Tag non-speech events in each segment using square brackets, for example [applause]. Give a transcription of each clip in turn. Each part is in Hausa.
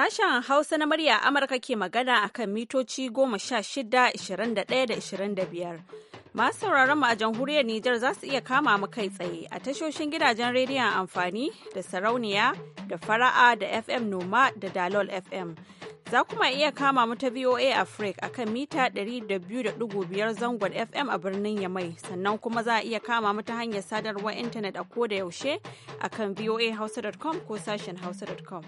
Sashen Hausa na murya Amurka ke magana a kan mitoci 16, ishirin da biyar Masu sauraron mu a jamhuriyar Nijar za su iya kama mu kai tsaye a tashoshin gidajen rediyon amfani da sarauniya da fara'a da FM Noma da Dalol FM. Za kuma iya kama mu ta VOA Africa akan mita 200.5 zangon FM a birnin Yamai, sannan kuma za a iya kama mu ta hanyar sadarwar intanet a koda yaushe akan voahausa.com ko sashen hausa.com.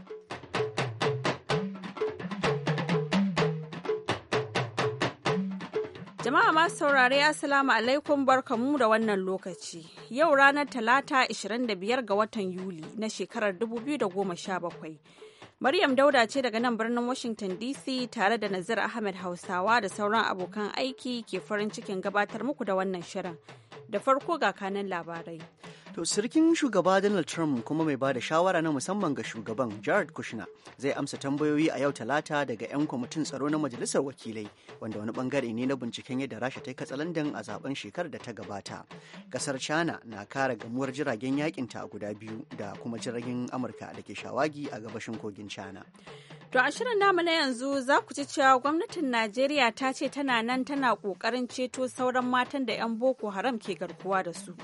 Jama'a masu saurare Assalamu alaikum barkamu da wannan lokaci. Yau ranar Talata 25 ga watan Yuli na shekarar 2017. Maryam Dauda ce daga nan birnin Washington DC tare da Nazir Ahmed Hausawa da sauran abokan aiki ke farin cikin gabatar muku da wannan shirin. Da farko ga kanan labarai. To sirkin shugaba Donald Trump kuma mai bada shawara na musamman ga shugaban Jared Kushner zai amsa tambayoyi a yau talata daga 'yan kwamitin tsaro na majalisar wakilai wanda wani bangare ne na binciken yadda rasha ta yi katsalandan a zaben shekarar da ta gabata. Kasar China na kara gamuwar jiragen yakin ta guda biyu da kuma jiragen Amurka da ke shawagi a gabashin kogin China. To a shirin namu na yanzu za ku ci cewa gwamnatin Najeriya ta ce tana nan tana kokarin ceto sauran matan da 'yan Boko Haram ke garkuwa da su.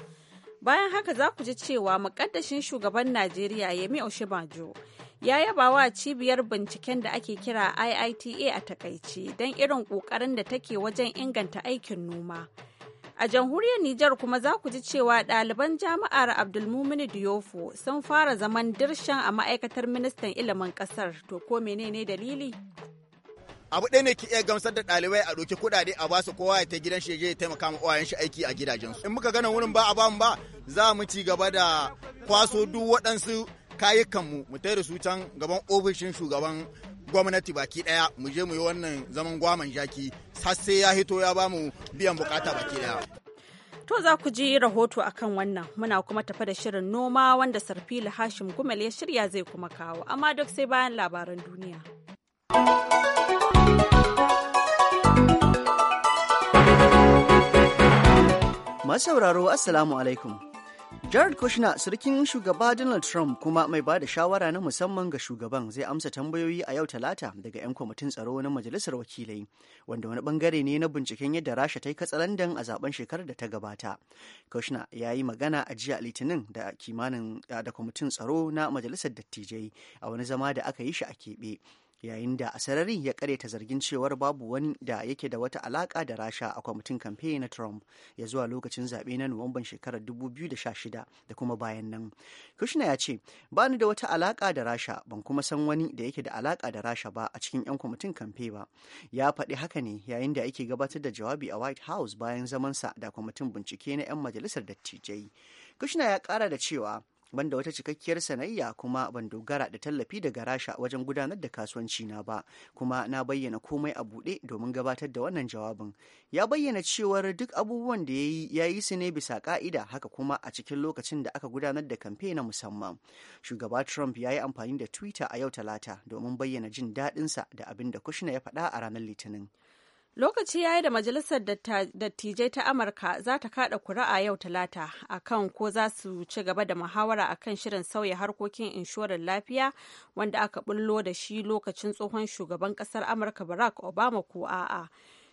Bayan haka za ku ji cewa mukaddashin shugaban Najeriya Yemi Oshibajo ya yaba wa cibiyar binciken da ake kira IITA a takaici don irin ƙoƙarin da take wajen inganta aikin noma. A jamhuriyar Nijar kuma za ku ji cewa ɗaliban jami'ar Abdulmumini Diyofo sun fara zaman dirshan a ma'aikatar ministan ilimin ƙasar. To ko menene dalili? abu ɗaya ne ki iya gamsar da ɗalibai a ɗauki kuɗaɗe a basu kowa ya ta gidan shi ya taimaka ma uwayen shi aiki a su. in muka gana wurin ba a bamu ba za mu ci gaba da kwaso duk waɗansu kayukanmu mu tai da su can gaban ofishin shugaban gwamnati baki ɗaya mu je mu yi wannan zaman gwaman jaki har sai ya hito ya bamu biyan bukata baki ɗaya. To za ku ji rahoto a kan wannan muna kuma tafa da shirin noma wanda sarfila hashim gumel ya shirya zai kuma kawo amma duk sai bayan labaran duniya. Masu sauraro Assalamu alaikum. Jared Kushner, sarkin shugaba Donald Trump kuma mai ba da shawara na musamman ga shugaban zai amsa tambayoyi a yau talata daga 'yan kwamitin tsaro na majalisar wakilai, wanda wani bangare ne na binciken yadda Rasha ta yi katsalandan a zaben shekarar da ta gabata. Kushner ya yi magana a jiya Litinin da kimanin da kwamitin tsaro na majalisar dattijai a wani zama da aka yi shi a keɓe. yayin da a sarari ya karyata zargin cewar babu wani da yake da wata alaka da rasha a kwamitin kamfe na trump ya zuwa lokacin zaɓe na nuwamban shekarar 2016 da kuma bayan nan kushner ya ce ba ni da wata alaka da rasha ban kuma san wani da yake da alaka da rasha ba a cikin 'yan kwamitin kamfe ba ya faɗi haka ne yayin da yake gabatar da jawabi a white house bayan zamansa da kwamitin bincike na 'yan majalisar dattijai kushner ya ƙara da cewa banda wata cikakkiyar sanayya kuma ban dogara da tallafi daga rasha wajen gudanar da kasuwanci na ba kuma na bayyana komai a buɗe domin gabatar da wannan jawabin ya bayyana cewar duk abubuwan da yayi ya yi su ne bisa ka'ida haka kuma a cikin lokacin da aka gudanar da kamfe na musamman shugaba trump ya yi amfani da twitter a yau talata domin bayyana jin daɗinsa da abin da kushner ya faɗa a ranar litinin Lokaci ya yi da Majalisar Dattijai ta Amurka za ta kada kuri'a yau Talata a kan ko za su ci gaba da muhawara a kan shirin sauya harkokin inshorar lafiya wanda aka bullo da shi lokacin tsohon shugaban kasar Amurka Barack Obama ko a'a.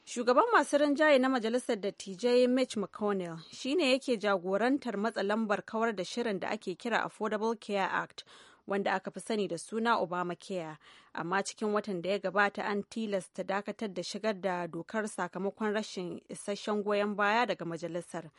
Shugaban masu rinjaye na Majalisar Dattijai Mitch McConnell shine yake jagorantar matsa lambar kawar da shirin da ake kira Affordable Care Act wanda aka fi sani da suna obamacare amma cikin watan da ya gabata an tilasta dakatar da shigar da dokar sakamakon rashin isasshen goyon baya daga majalisar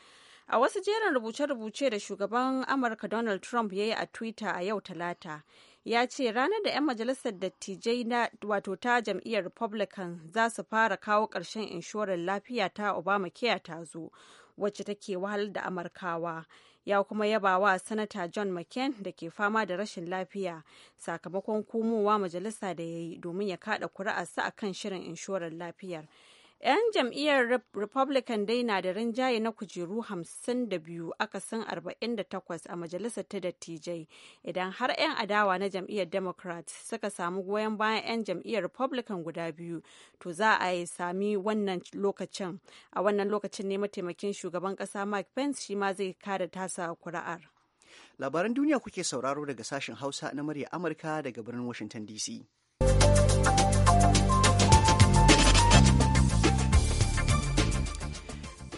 a wasu jerin rubuce-rubuce da shugaban amurka donald trump ya yi a twitter a yau talata ya ce ranar da 'yan majalisar dattijai na wato ta jam'iyyar republican za su fara kawo ƙarshen inshorar lafiya ta obamacare ta zo wacce take wahalar da amurkawa ya kuma yaba wa sanata john mccain da ke fama da rashin lafiya sakamakon komowa majalisa da ya yi domin ya kada kuri'arsa kan shirin inshorar lafiyar 'Yan jam'iyyar Republican dai na da rinjaye na kujeru 52 akasin 48 a majalisar ta dattijai idan har 'yan adawa na jam'iyyar Democrat suka samu goyon bayan 'yan jam'iyyar Republican guda biyu to za a yi sami wannan lokacin. A wannan lokacin ne mataimakin shugaban kasa Mike Pence shi ma zai kada tasa kuri'ar. Labaran duniya kuke sauraro daga sashen Hausa na murya Amurka daga birnin Washington DC.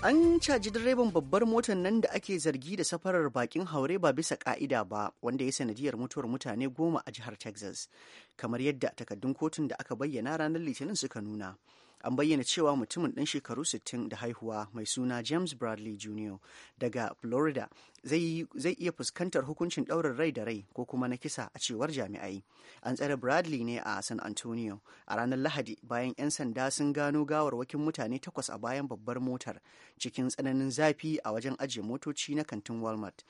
An caji direban babbar motar nan da ake zargi da safarar bakin haure ba bisa ka'ida ba wanda ya sanadiyar mutuwar mutane goma a jihar Texas, kamar yadda takaddun kotun da aka bayyana ranar Litinin suka nuna. An bayyana cewa mutumin ɗan shekaru 60 da haihuwa mai suna James Bradley Jr. daga Florida zai iya fuskantar hukuncin ɗaurin rai da rai ko kuma na kisa a cewar jami'ai an tsare bradley ne a san antonio a ranar lahadi bayan 'yan sanda sun gano gawarwakin mutane takwas a bayan babbar motar cikin tsananin zafi a wajen ajiye motoci na kantin walmart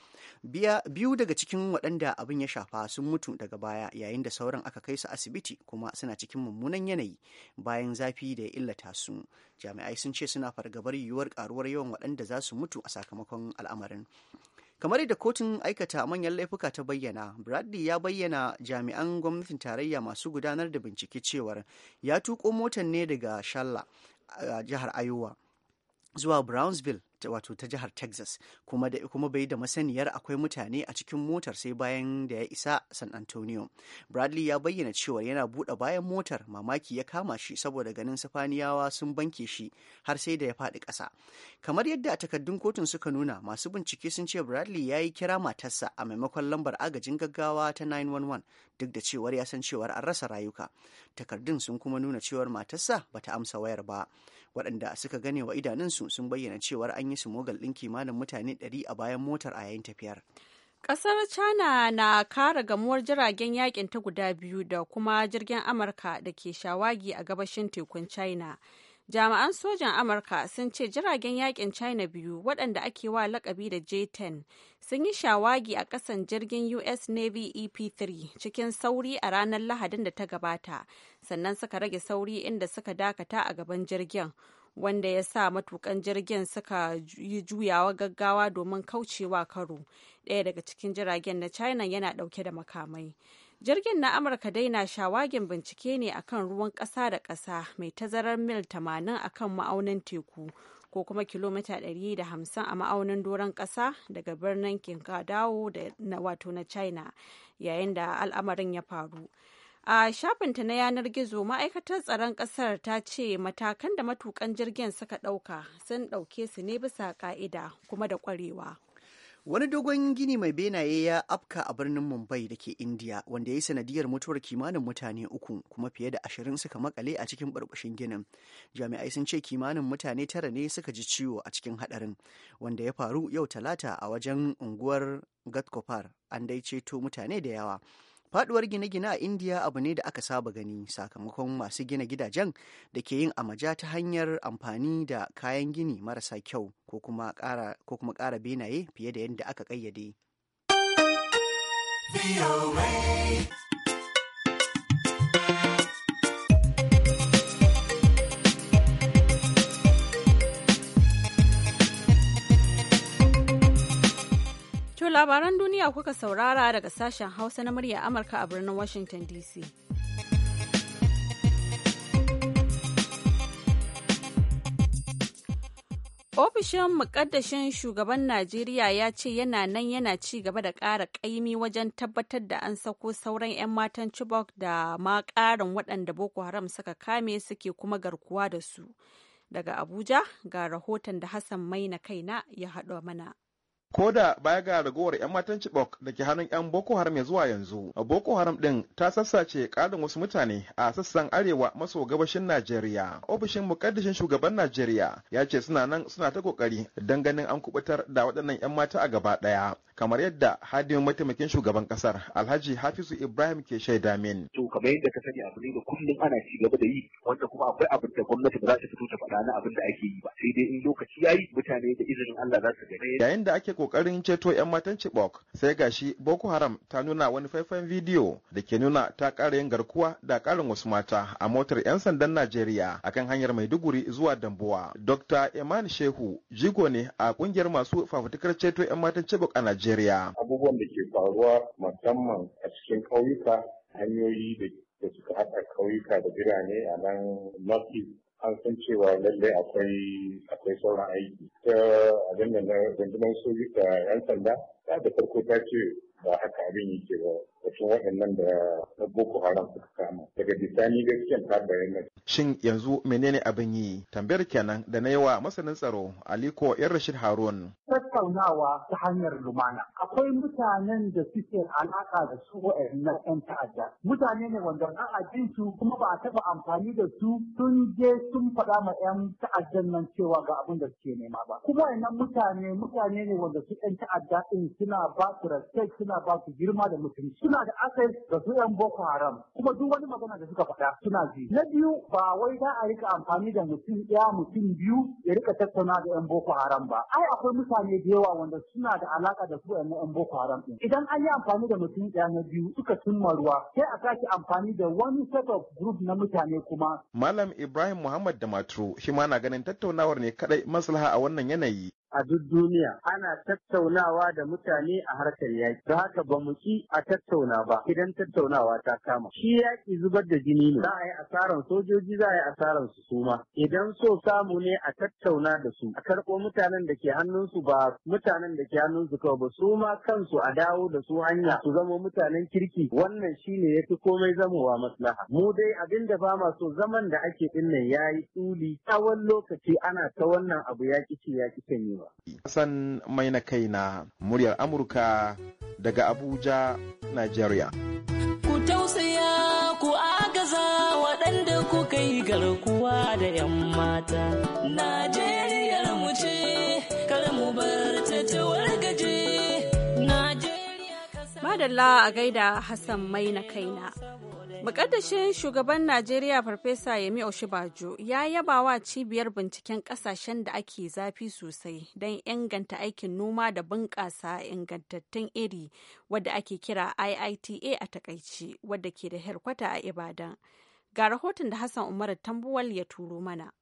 biyu daga cikin waɗanda abin ya shafa sun mutu daga baya yayin da sauran aka kai su asibiti kuma suna cikin mummunan yanayi bayan zafi da ya illata su jami'ai sun ce suna fargabar yiwuwar karuwar yawan waɗanda za su mutu a sakamakon al'amarin kamar yadda kotun aikata manyan laifuka ta bayyana bradley ya bayyana jami'an gwamnatin tarayya masu gudanar da bincike cewar ya tuko motan ne daga shalla a jihar iowa zuwa brownsville wato ta jihar texas kuma da kuma bai da masaniyar akwai mutane a cikin motar sai bayan da ya isa san antonio bradley ya bayyana cewa yana buɗe bayan motar mamaki ya kama shi saboda ganin sifaniyawa sun banke shi har sai da ya faɗi ƙasa kamar yadda takardun kotun suka nuna masu bincike sun ce bradley ya yi kira matarsa a maimakon lambar agajin gaggawa ta 911 duk da cewar ya san cewar an rasa rayuka takardun sun kuma nuna cewar matarsa bata amsa wayar ba waɗanda suka gane wa idanunsu sun bayyana cewar an yi sumogal ɗin kimanin mutane 100 a bayan motar a yayin tafiyar Ƙasar China na kara gamuwar jiragen yakin ta guda biyu da kuma jirgin Amurka da ke shawagi a gabashin tekun China. jami'an sojan amurka sun ce jiragen yakin china biyu waɗanda ake wa lakabi da j-10 sun yi shawagi a ƙasan jirgin us navy ep-3 cikin sauri a ranar lahadin da ta gabata sannan suka rage sauri inda suka dakata a gaban jirgin wanda ya sa matukan jirgin suka yi juyawa gaggawa domin kaucewa karo ɗaya daga cikin jiragen na china yana ɗauke da makamai Jirgin na Amurka dai na shawagin bincike ne akan ruwan ƙasa da ƙasa mai tazarar mil 80 akan ma'aunin teku ko kuma kilomita 150 a ma'aunin doron ƙasa daga birnin Kinkadawo da wato na China yayin da al'amarin ya faru. a shafinta na yanar gizo ma'aikatar tsaron ƙasar ta ce matakan da matukan jirgin suka ɗauka sun ɗauke su ne bisa ƙa'ida kuma da ƙwarewa. Wani dogon gini mai benaye ya afka a birnin Mumbai da ke indiya wanda ya yi sanadiyar mutuwar kimanin mutane uku kuma fiye da ashirin suka makale a cikin barbashin ginin. Jami'ai sun ce kimanin mutane tara ne suka ji ciwo a cikin hadarin wanda ya faru yau talata a wajen unguwar Gatkopar an dai ceto mutane da yawa. faduwar gine-gine a indiya abu ne da aka saba gani sakamakon masu gina gidajen da ke yin amaja ta hanyar amfani da kayan gini marasa kyau ko kuma ƙara benaye fiye da yadda aka ƙayyade. labaran duniya kuka saurara daga sashen Hausa na murya Amurka a birnin Washington DC. Ofishin mukaddashin shugaban Najeriya ya ce yana nan yana ci gaba da ƙara ƙaimi wajen tabbatar da an sako sauran 'yan matan Chibok da ma ƙarin waɗanda Boko Haram suka kame suke kuma garkuwa da su. Daga Abuja ga rahoton da Hassan Maina kaina ya haɗo mana. ko da baya ga ragowar 'yan matan Chibok da ke hannun 'yan Boko Haram ya zuwa yanzu. Boko Haram ɗin ta sassace ƙarin wasu mutane a sassan arewa maso gabashin Najeriya. Ofishin mukaddishin shugaban Najeriya ya ce suna nan suna ta kokari don ganin an kubutar da waɗannan 'yan mata a gaba ɗaya. Kamar yadda hadimin mataimakin shugaban ƙasar Alhaji Hafizu Ibrahim ke shaida min. To kamar yadda ka sani abu ne da kullum ana ci gaba da yi wanda kuma akwai abin da gwamnati ba za ta fito ta faɗa na abin da ake yi ba sai dai in lokaci yayi mutane da izinin Allah za su gane. Yayin da ake kokarin ceto 'yan matan Chibok sai gashi Boko Haram ta nuna wani faifan bidiyo da ke nuna ta ƙara yin garkuwa da ƙarin wasu mata a motar 'yan sandan Najeriya akan hanyar Maiduguri zuwa Dambuwa. Dr. Iman Shehu jigo ne a kungiyar masu fafutukar ceto 'yan matan Chibok a Najeriya. Abubuwan da ke faruwa musamman a cikin ƙauyuka hanyoyi da suka haɗa ƙauyuka da birane a nan North an san cewa lallai akwai akwai sauran aiki ta abin da na rundunar sojika yan sanda ta da farko ta ce ba haka abin yake ba cikin da na haram suka kama daga bisani gaskiyan ta bayyana. shin yanzu menene abin yi tambayar kenan da na yawa masanin tsaro aliko yan rashid harun. tattaunawa ta hanyar lumana akwai mutanen da suke alaka da su na yan ta'adda mutane ne wanda ba a jin su kuma ba a taɓa amfani da su sun je sun faɗa ma yan ta'addan nan cewa ga abin da suke nema ba kuma waɗannan mutane mutane ne wanda su yan ta'adda ɗin suna ba su suna ba su girma da mutum, suna suna da access ga su yan Boko Haram kuma duk wani magana da suka faɗa suna ji. Na biyu ba wai za a rika amfani da mutum ɗaya mutum biyu ya rika tattauna da yan Boko Haram ba. Ai akwai mutane da yawa wanda suna da alaka da su yan Boko Haram ɗin. Idan an yi amfani da mutum ɗaya na biyu suka cimma ruwa sai a sake amfani da wani set of group na mutane kuma. Malam Ibrahim Muhammad da Maturu shi ma na ganin tattaunawar ne kaɗai maslaha a wannan yanayi a duk duniya ana tattaunawa da mutane a harkar yaƙi don haka ba mu ki a tattauna ba idan tattaunawa ta kama shi yaƙi zubar da jini ne za a yi asaran sojoji za a yi asaran su suma idan so samu ne a tattauna da su a karɓo mutanen da ke hannunsu ba mutanen da ke hannunsu kawai ba su ma kansu a dawo da su hanya su zama mutanen kirki wannan shine yafi komai zamowa maslaha mu dai abin da ba ma so zaman da ake dinnan yayi tsuli tsawon lokaci ana ta wannan abu yaƙi ce yaƙi kici ne arewa. Hassan mai na kai na muryar Amurka daga Abuja, Nigeria. Ku tausaya ku agaza waɗanda ku kai garkuwa da 'yan mata. Najeriyar mu ce, kar mu bar ta Najeriya ka sa Madalla a gaida Hassan mai na kaina. Mukaddashin shugaban Najeriya Farfesa Yemi Oshibajo ya yaba wa cibiyar binciken kasashen da ake zafi sosai don inganta aikin noma da bunƙasa ingantattun iri wadda ake kira IITA a takaici wadda ke da herkwata a Ibadan. Ga rahoton da Hassan Umar Tambuwal ya turo mana.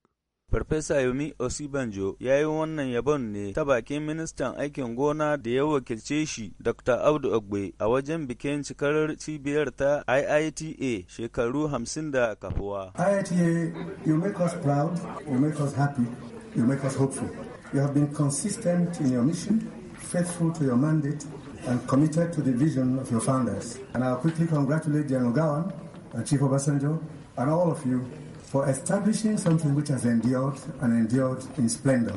Farfesa Yomi Osibanjo ya yi wannan yabon ne ta bakin ministan aikin gona da ya wakilce shi Dr. Audu Ogbe a wajen bikin cikarar cibiyar ta IITA shekaru hamsin da kafuwa. IITA, you make us proud, you make us happy, you make us hopeful. You have been consistent in your mission, faithful to your mandate, and committed to the vision of your founders. And I quickly congratulate General Gowan and Chief Obasanjo and all of you for establishing something which has endured and endured in splendor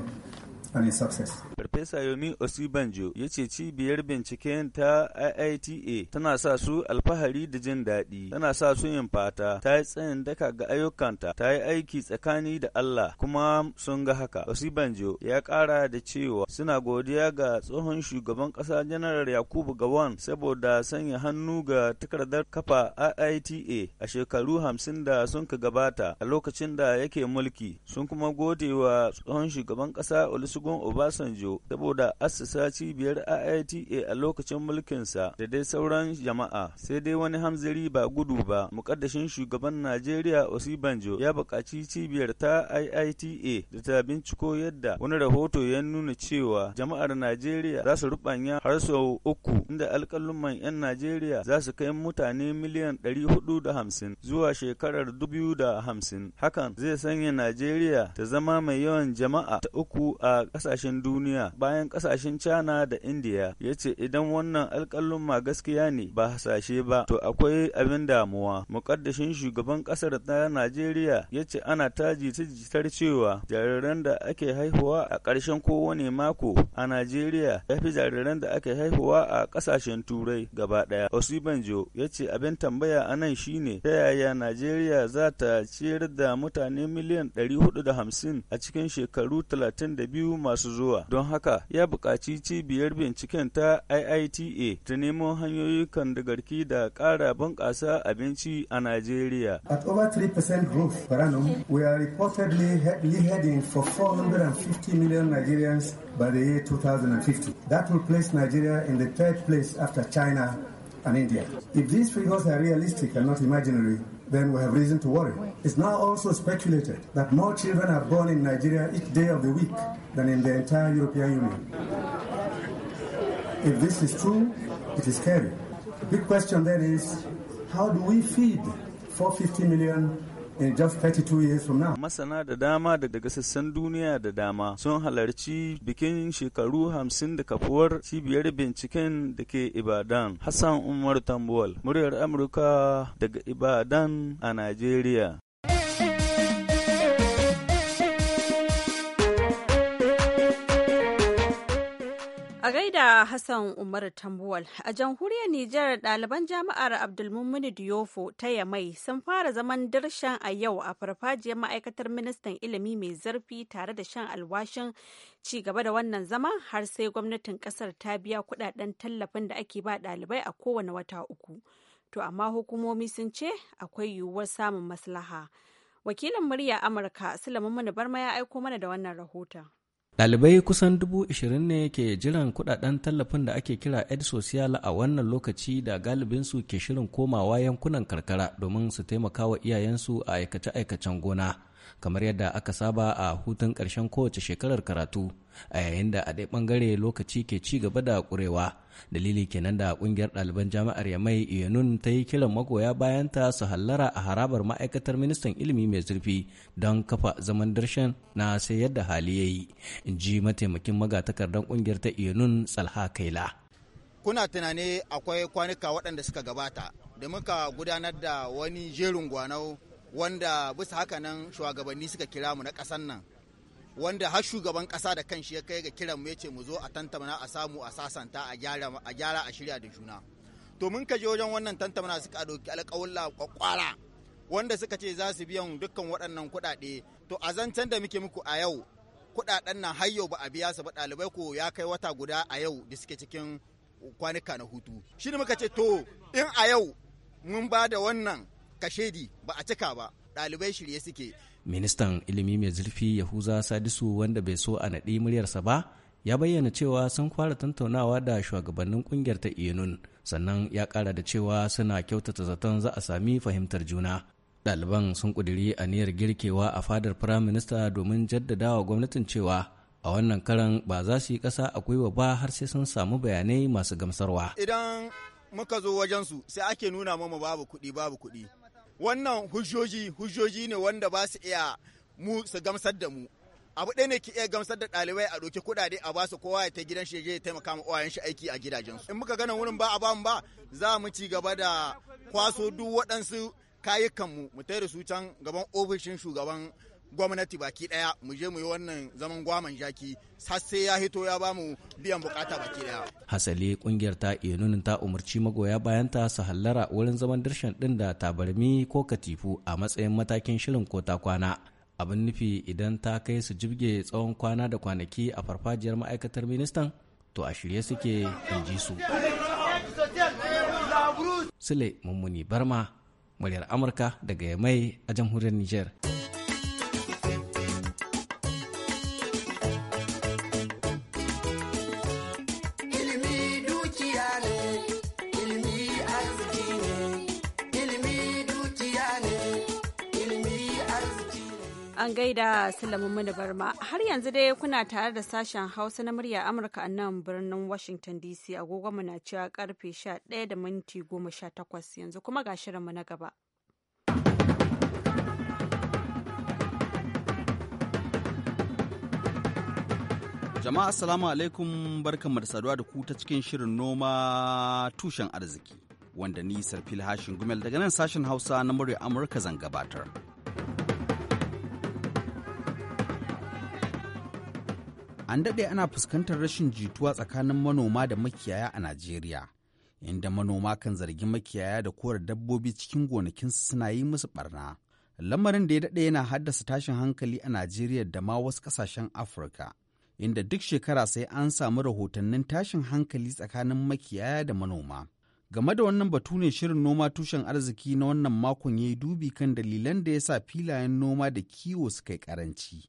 and in success. Farfesa Yomi Osibanjo ya ce cibiyar binciken ta IITA tana sa su alfahari da jin daɗi, tana sa su yin fata, ta yi tsayin daka ga ayyukanta, ta yi aiki tsakani da Allah kuma sun ga haka. Osibanjo ya ƙara da cewa suna godiya ga tsohon shugaban ƙasa Janar Yakubu gawan saboda sanya hannu ga takardar kafa IITA a shekaru hamsin da sun ka gabata a lokacin da yake mulki sun kuma gode wa tsohon shugaban ƙasa Olusegun Obasanjo Ojo saboda assasa cibiyar IITA a lokacin mulkinsa da dai sauran jama'a sai dai wani hamzari ba gudu ba mukaddashin shugaban Najeriya Osibanjo ya buƙaci cibiyar ta IITA da ta binciko yadda wani rahoto ya nuna cewa jama'ar Najeriya za su rubanya har sau uku inda alƙaluman 'yan Najeriya za su kai mutane miliyan 450 zuwa shekarar 2050 hakan zai sanya Najeriya ta zama mai yawan jama'a ta uku a ƙasashen duniya duniya bayan kasashen China da India ya ce idan wannan alƙalin ma gaskiya ne ba hasashe ba to akwai abin damuwa. Muƙaddashin shugaban ƙasar ta Najeriya ya ce ana taji ta jitar cewa jariran da ake haihuwa a ƙarshen kowane mako a Najeriya ya fi jariran da ake haihuwa a ƙasashen Turai gaba ɗaya. Osibanjo ya ce abin tambaya a nan shine ta yaya Najeriya za ta ciyar da mutane miliyan 450 a cikin shekaru 32 masu zuwa don haka ya buƙaci cibiyar binciken ta IITA ta nemo hanyoyi kan da garki da ƙara bunƙasa abinci a Najeriya. At over 3% growth per annum, we are reportedly heading for 450 million Nigerians by the year 2050. That will place Nigeria in the third place after China and India. If these figures are realistic and not imaginary, then we have reason to worry. It's now also speculated that more children are born in Nigeria each day of the week than in the entire European Union. If this is true, it is scary. The big question then is how do we feed 450 million in just 32 years from now. Masana da dama daga sassan duniya da dama sun halarci bikin shekaru hamsin da kafuwar cibiyar binciken da ke Ibadan. Hassan Umar Tambuwal, muryar Amurka daga Ibadan a Najeriya. A gaida Hassan Umar Tambuwal, a jamhuriyar Nijar ɗaliban jami'ar Abdulmumini Diyofo ta Yamai sun fara zaman darshen a yau a farfajiyar ma'aikatar ministan ilimi mai zarfi tare da shan alwashin ci gaba da wannan zama har sai gwamnatin ƙasar ta biya kuɗaɗen tallafin da ake ba ɗalibai a kowane wata uku. To amma hukumomi sun ce akwai yiwuwar samun maslaha. Wakilin murya Amurka Sulaiman Mani Barma ya aiko mana da wannan rahoton. dalibai kusan dubu ishirin ne ke jiran kudaden tallafin da ake kira Ed Social a wannan lokaci da galibinsu ke shirin komawa yankunan karkara domin su taimaka wa iyayensu a aikace-aikacen gona. kamar yadda aka saba a hutun ƙarshen kowace shekarar karatu a yayin da a ɗaya ɓangare lokaci ke ci gaba da ƙurewa dalili kenan da ƙungiyar ɗaliban jami'ar yamai iyanun ta yi kiran magoya bayan ta su hallara a harabar ma'aikatar ministan ilimi mai zurfi don kafa zaman darshen na sai yadda hali ya yi in ji mataimakin magatakardan ƙungiyar ta iyanun tsalha kaila kuna tunani akwai kwanuka waɗanda suka gabata da muka gudanar da wani jerin gwanau wanda bisa haka nan shugabanni suka kira mu na kasan nan wanda har shugaban ƙasa da kanshi ya kai ga kiran mu ya ce mu zo a tantamana a samu a sasanta a gyara a shirya da juna to mun ka je wajen wannan tantamana suka ɗauki alƙawalla kwakwara wanda suka ce za su biyan dukkan waɗannan kuɗaɗe to a zancen da muke muku a yau kuɗaɗen nan har yau ba a biya su ba ɗalibai ko ya kai wata guda a yau da suke cikin kwanuka na hutu shi muka ce to in a yau mun ba da wannan kashedi ba a cika ba ɗalibai shirye suke. Ministan ilimi mai zurfi Yahuza Sadisu wanda bai so a naɗi muryarsa ba ya bayyana cewa sun fara tattaunawa da shugabannin kungiyar ta inun sannan ya kara da cewa suna kyautata zaton za a sami fahimtar juna. Ɗaliban sun ƙudiri aniyar girkewa a fadar firaminista domin jaddadawa gwamnatin cewa a wannan karan ba za su yi ƙasa a gwiwa ba har sai sun samu bayanai masu gamsarwa. Idan muka zo wajensu sai ake nuna mamu babu kuɗi babu kuɗi wannan hujjoji hujjoji ne wanda ba su iya mu su gamsar da mu abu ɗaya ne ki iya gamsar da ɗalibai a ɗauki kuɗaɗe a ba su kowa ya ta gidan shi ya taimaka ma uwayen shi aiki a gidajen su. in muka gana wurin ba a mu ba za mu ci gaba da kwaso duk waɗansu kayukanmu mu tayar da su can gaban ofishin shugaban gwamnati baki daya mu je mu yi wannan zaman gwaman jaki har sai ya hito ya bamu biyan bukata baki daya hasali kungiyar ta inunin ta umarci magoya bayan ta su hallara wurin zaman darshen din da tabarmi ko katifu a matsayin matakin shirin kota kwana abin nufi idan ta kai su jibge tsawon kwana da kwanaki a farfajiyar ma'aikatar ministan to a shirye suke in ji su sule mummuni barma muryar amurka daga yamai a jamhuriyar niger An gaida Sulaiman Mani Barma. Har yanzu dai kuna tare da sashen Hausa na murya Amurka a nan birnin Washington DC mu na cewa karfe 11 da minti 18 yanzu kuma ga shirinmu na gaba. Jama'a Assalamu alaikum barkamu da saduwa da ku ta cikin shirin noma tushen arziki wanda ni Sarfil Hashin Gumel daga nan sashen Hausa na murya Amurka zan gabatar. An daɗe ana fuskantar rashin jituwa tsakanin manoma da makiyaya a Najeriya, inda manoma kan zargi makiyaya da korar dabbobi cikin gonakinsu suna yi musu barna. Lamarin da ya daɗe yana haddasa tashin hankali a Najeriya da ma wasu ƙasashen Afirka, inda duk shekara sai an samu rahotannin tashin hankali tsakanin makiyaya da manoma. game da wannan batu ne shirin noma tushen arziki na wannan makon ya yi dubi kan dalilan da ya sa filayen noma da kiwo suka yi karanci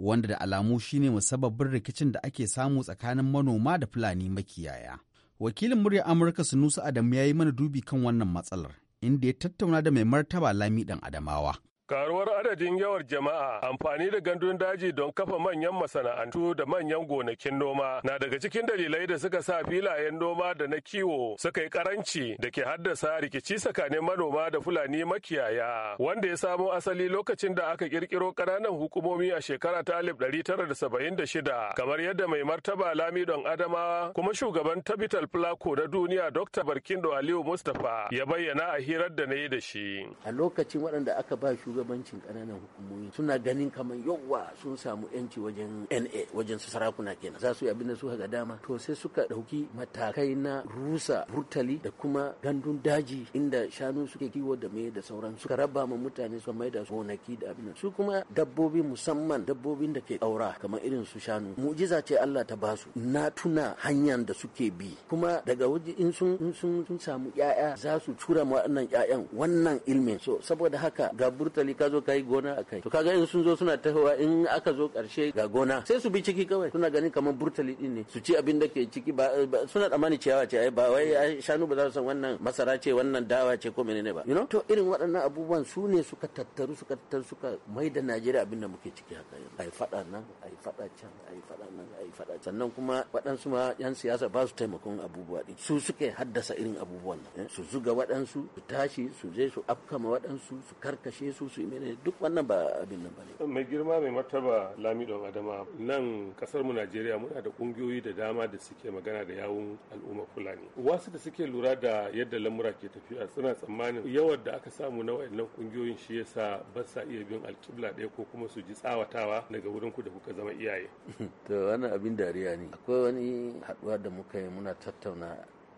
wanda da alamu shine musabbabin rikicin da ake samu tsakanin manoma da Fulani makiyaya. Wakilin Murya Amurka Sunusa Adamu ya yi mana dubi kan wannan matsalar, inda ya tattauna da mai martaba Lami ɗan Adamawa. Karuwar adadin yawar jama'a amfani da gandun daji don kafa manyan masana'antu da manyan gonakin noma na daga cikin dalilai da suka sa filayen noma da na kiwo suka yi karanci da ke haddasa rikici tsakanin manoma da fulani makiyaya wanda ya samo asali lokacin da aka kirkiro ƙananan hukumomi a shekara ta alif da shida, kamar yadda mai martaba lami don adamawa kuma shugaban tabital plako na duniya dr barkindo aliyu mustapha ya bayyana a hirar da na yi da shi a lokacin waɗanda aka ba shugaban shugabancin kananan hukumomi suna ganin kamar yauwa sun samu yanci wajen NA wajen su sarakuna kenan za su yi abin da suka ga dama to sai suka ɗauki matakai na rusa burtali da kuma gandun daji inda shanu suke kiwo da me da sauran suka raba ma mutane su mai da gonaki da abin su kuma dabbobi musamman dabbobin da ke aura. kamar irin su shanu mu'jiza ce Allah ta basu na tuna hanyar da suke bi kuma daga waje in sun sun samu 'ya'ya za su cura waɗannan 'ya'yan wannan ilmin so saboda haka ga burtali hankali ka zo ka yi gona a kai to kaga in sun zo suna tahowa in aka zo karshe ga gona sai su bi ciki kawai suna ganin kamar burtali din ne su ci abin da ke ciki ba suna tsammani ciyawa ce ai ba wai shanu ba za su san wannan masara ce wannan dawa ce ko menene ba you know to irin waɗannan abubuwan su ne suka tattaru suka tattaru suka mai da Najeriya abin da muke ciki haka yanzu ai fada nan ai fada can ai fada nan ai fada sannan kuma waɗansu ma yan siyasa ba su taimakon abubuwa din su suke haddasa irin abubuwan nan eh? su zuga waɗansu su tashi su je su afkama waɗansu su karkashe su su su duk wannan ba abin nan bane mai girma mai martaba lamido adama nan kasar mu Najeriya muna da kungiyoyi da dama da suke magana da yawun al'umma Fulani wasu da suke lura da yadda lamura ke tafiya suna tsammanin yawan da aka samu na wayannan kungiyoyin shi yasa ba sa iya bin alkibla ɗaya ko kuma su ji tsawatawa daga wurin ku da kuka zama iyaye [laughs] to wannan abin dariya ne akwai wani haɗuwa da muka yi muna tattauna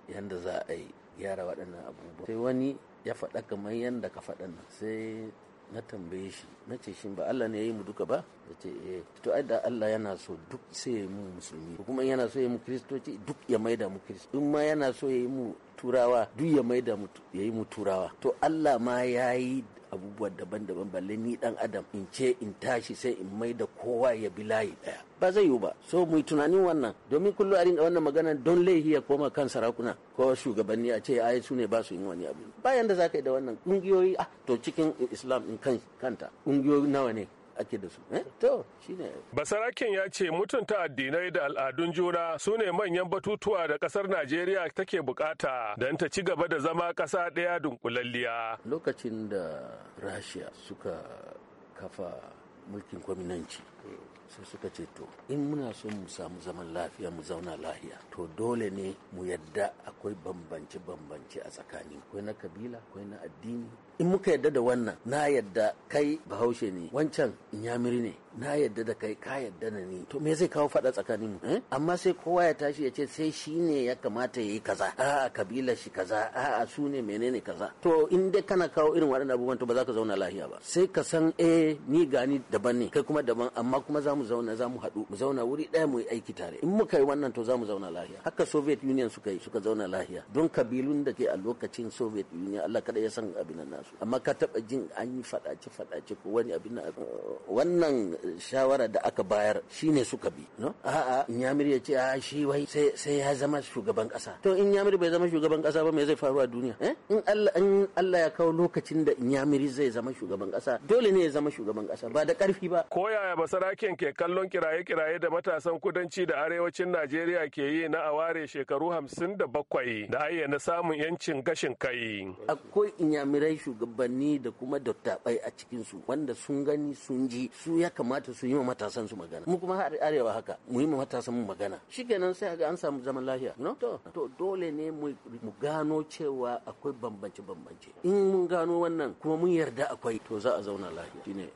yadda za a yi gyara waɗannan abubuwa sai wani ya faɗa kamar yadda ka faɗa nan sai na tambaye shi na ce shin ba Allah ne ya yi mu duka ba ya ce eh to ai da Allah yana so duk sai ya yi mu musulmi kuma yana so ya yi mu kristoci duk ya maida mu kristo in ma yana so ya yi mu turawa duk ya maida mu ya yi mu turawa to Allah ma ya yi abubuwa daban-daban balle ni dan adam in ce in tashi sai in mai da kowa ya bi layi daya ba zai yiwu ba so mu yi tunanin wannan domin kullum a rinka wannan magana don laifi ya koma kan sarakuna ko shugabanni a ce ai su ne ba su yin wani abu bayan da zaka yi da wannan kungiyoyi ah to cikin islam in kanta kungiyoyi nawa ne ake da su eh? to shine basaraken ya ce mutunta addinai da al'adun juna su ne manyan batutuwa da kasar najeriya take bukata don ta ci gaba da zama kasa ɗaya dunkulalliya lokacin da rashiya suka kafa mulkin kwaminanci sai suka ce to in muna so mu samu zaman lafiya mu zauna lahiya to dole ne mu yadda akwai bambance bambance a tsakani akwai na kabila akwai na addini in muka yadda da wannan na yadda kai bahaushe ne wancan inyamiri ne na yadda da kai ka yadda na ni to me zai kawo faɗa tsakanin mu eh? amma sai kowa ya tashi ya ce sai shi ne ya kamata yayi yi kaza a'a kabila shi kaza a'a su ne menene kaza to in dai kana kawo irin waɗannan abubuwan to ba za ka zauna lahiya ba sai ka san eh ni gani daban ne kai kuma daban amma kuma za mu zauna za mu haɗu mu zauna wuri ɗaya mu yi aiki tare in muka yi wannan to za mu zauna lahiya haka soviet union suka yi suka zauna lahiya don kabilun da ke a lokacin soviet union allah kada ya san abin nan nasu amma ka taba jin an yi faɗace faɗace ko wani abin nan wannan shawara da aka bayar shine suka bi no a'a inyamir ya ce a shi wai sai ya zama shugaban kasa to in inyamir bai zama shugaban kasa ba me zai faru a duniya eh in allah ya kawo lokacin da inyamiri zai zama shugaban kasa dole ne ya zama shugaban kasa ba da karfi ba ko yaya basaraken ke kallon kiraye-kiraye da matasan kudanci da arewacin Najeriya ke yi na aware shekaru hamsin da bakwai da ayyana samun yancin gashin kai. Akwai inyamirai shugabanni da kuma dattabai a cikinsu wanda sun gani sun ji su ya kamata su yi ma matasan su magana. Mu kuma har arewa haka mu yi ma matasan mu magana. Shikenan sai ga an samu zaman lafiya. No? To, dole ne mu gano cewa akwai bambance-bambance. In mun gano wannan kuma mun yarda akwai to za a zauna lafiya.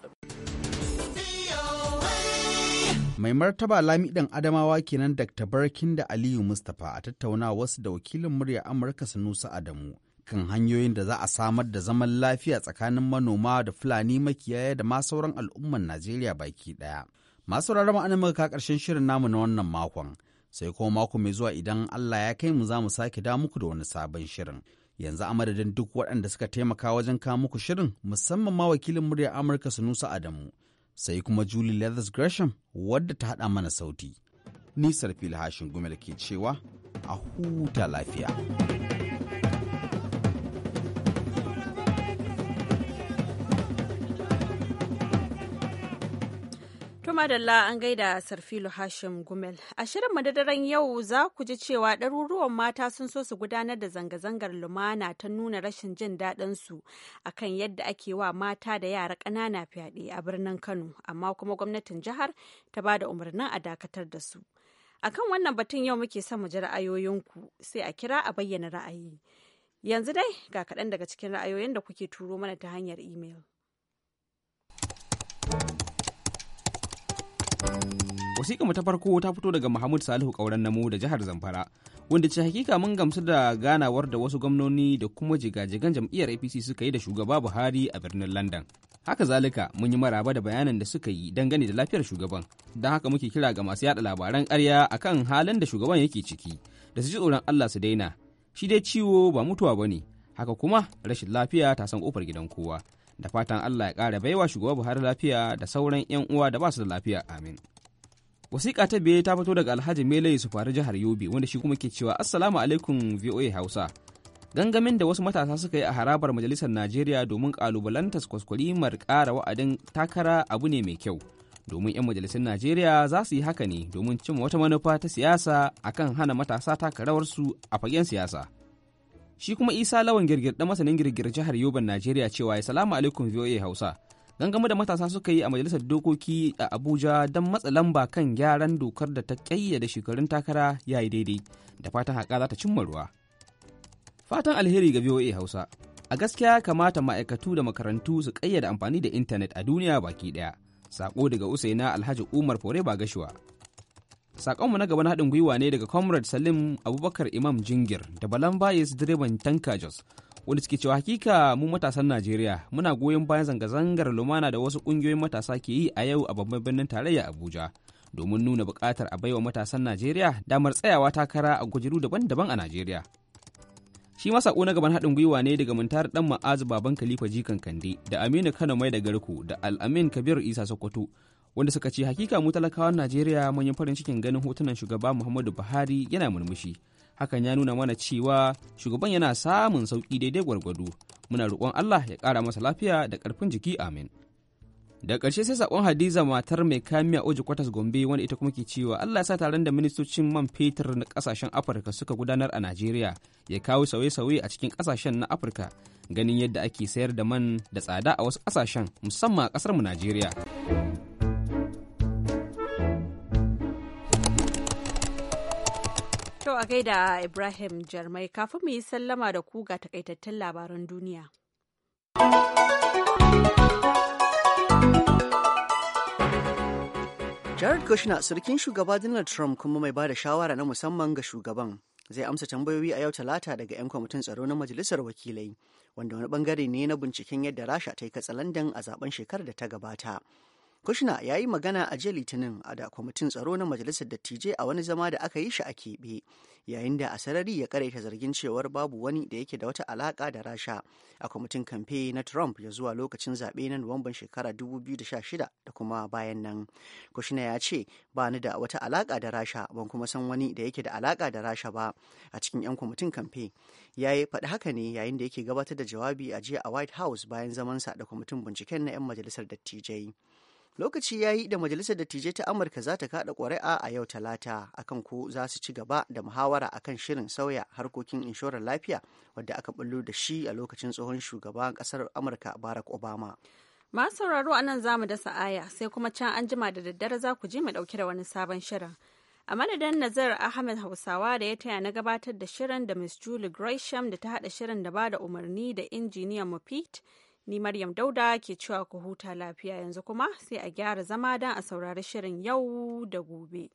Mai martaba Lami ɗan Adamawa kenan Dr. Barkin da Aliyu Mustapha a tattauna wasu da wakilin murya Amurka Sanusi Adamu kan hanyoyin da za a samar da zaman lafiya tsakanin manoma da Fulani makiyaya da ma sauran al'umman Najeriya baki ɗaya. Masu rarama an muka ƙarshen shirin namu na wannan makon. Sai kuma mako mai zuwa idan Allah ya kai mu za mu sake da muku da wani sabon shirin. yanzu a madadin duk waɗanda suka taimaka wajen kawo muku shirin musamman ma wakilin murya amurka sunusa adamu sai kuma Julie Leathers Gresham wadda ta haɗa mana sauti. Nisar fil hashin gumel ke cewa a huta lafiya. madalla an gaida Sarfilu Hashim Gumel. A shirin madadaran yau za ku ji cewa ɗaruruwan mata sun so su gudanar da zanga-zangar lumana ta nuna rashin jin daɗin su kan yadda ake wa mata da yara ƙanana fyaɗe a birnin Kano, amma kuma gwamnatin jihar ta ba da umarnin a dakatar da su. Akan wannan batun yau muke son mu ji ra'ayoyinku sai a kira a bayyana ra'ayi. Yanzu dai ga kaɗan daga cikin ra'ayoyin da kuke turo mana ta hanyar imel. mu ta farko ta fito daga Muhammad Salihu ƙauren namu da jihar Zamfara, wanda ce hakika mun gamsu da ganawar da wasu gwamnoni da kuma jigajigan jam'iyyar APC suka yi da shugaba Buhari a birnin London. Haka zalika mun yi maraba da bayanan da suka yi dangane da lafiyar shugaban, don haka muke kira ga masu yaɗa labaran ƙarya akan halin da shugaban yake ciki, da su ji tsoron Allah su daina. Shi dai ciwo ba mutuwa ba ne, haka kuma rashin lafiya ta san kofar gidan kowa. da fatan Allah ya ƙara baiwa shugaba Buhari lafiya da sauran 'yan uwa da ba su da lafiya amin. Wasiƙa ta biye ta fito daga Alhaji Mele Yusufari jihar Yobe wanda shi kuma ke cewa Assalamu alaikum VOA Hausa. Gangamin da wasu matasa suka yi a harabar Majalisar Najeriya domin ƙalubalantar kwaskwarimar ƙara wa'adin takara abu ne mai kyau. Domin 'yan majalisar Najeriya za su yi haka ne domin cimma wata manufa ta siyasa akan hana matasa takarawarsu su a fagen siyasa. Shi kuma Isa Lawan girgir da masanin girgir jihar Yoban Najeriya cewa ya salamu alaikum VOA Hausa. Gangamu da matasa suka yi a majalisar dokoki a Abuja don matsa lamba kan gyaran dokar da ta kayyade shekarun takara ya yi daidai da fatan haƙa za ta cimma ruwa. Fatan alheri ga VOA Hausa. A gaskiya kamata ma'aikatu da makarantu su kayyade amfani da intanet a duniya baki ɗaya. Sako daga Usaina Alhaji Umar ba Gashuwa. Sakonmu na gaba na haɗin gwiwa ne daga Comrade Salim Abubakar Imam Jingir da Balan Bayes direban Tanka Jos wanda suke cewa hakika mu matasan Najeriya muna goyon bayan zanga-zangar lumana da wasu ƙungiyoyin matasa ke yi a yau a babban birnin tarayya Abuja domin nuna buƙatar a baiwa matasan Najeriya damar tsayawa takara a kujeru daban-daban a Najeriya. shi ma sako na gaban haɗin gwiwa ne daga mintar ɗan ma'azu baban khalifa jikan kande da aminu kano mai da garku da al'amin kabiru isa sokoto wanda suka ce hakika mu talakawan najeriya mun yi farin cikin ganin hotunan shugaba muhammadu buhari yana murmushi hakan ya nuna mana cewa shugaban yana samun sauki daidai gwargwado muna roƙon allah ya ƙara masa lafiya da ƙarfin jiki amin da ƙarshe sai sakon hadiza matar mai kamiya oji kwatas gombe wanda ita kuma ke cewa allah ya sa taron da ministocin man fetur na ƙasashen afirka suka gudanar a najeriya ya kawo sauye-sauye a cikin ƙasashen na afirka ganin yadda ake sayar da man da tsada a wasu ƙasashen musamman a ƙasarmu najeriya To a gaida Ibrahim Jarmai kafin mu yi sallama da kuga ga takaitattun labaran duniya. Jared Kushner surkin shugaba Donald Trump kuma mai bada shawara na musamman ga shugaban zai amsa tambayoyi a yau talata daga 'yan kwamitin tsaro na majalisar wakilai wanda wani bangare ne na binciken yadda rasha ta yi katsalandan a zaben shekarar da ta gabata. kushna ya yi magana a jiya litinin a da kwamitin tsaro na majalisar dattijai a wani zama da aka yi shi a keɓe yayin da a sarari ya karaita zargin cewar babu wani da yake da wata alaƙa da rasha a kwamitin kamfe na trump ya zuwa lokacin zaɓe na nuwamban shekara 2016 da kuma bayan nan kushna ya ce ba ni da wata alaƙa da rasha ban kuma san wani da yake da alaƙa da rasha ba a cikin 'yan kwamitin kamfe ya yi faɗi haka ne yayin da yake gabatar da jawabi a jiya a white house bayan zamansa da kwamitin binciken na 'yan majalisar dattijai. lokaci ya yi da majalisar dattijai ta amurka za ta kada ƙuri'a a yau talata akan ko za su ci gaba da muhawara akan shirin sauya harkokin inshorar lafiya wadda aka bullo da shi a lokacin tsohon shugaban ƙasar amurka barack obama masu sauraro a nan zamu dasa aya sai kuma can an jima da daddare za ku ji mu ɗauki da wani sabon shirin a madadin nazar ahmed hausawa da ya taya na gabatar da shirin da miss julie gresham da ta haɗa shirin da ba da umarni da injiniya mu Ni Maryam Dauda ke cewa ku huta lafiya yanzu kuma sai a gyara zama don a saurari shirin yau da gobe.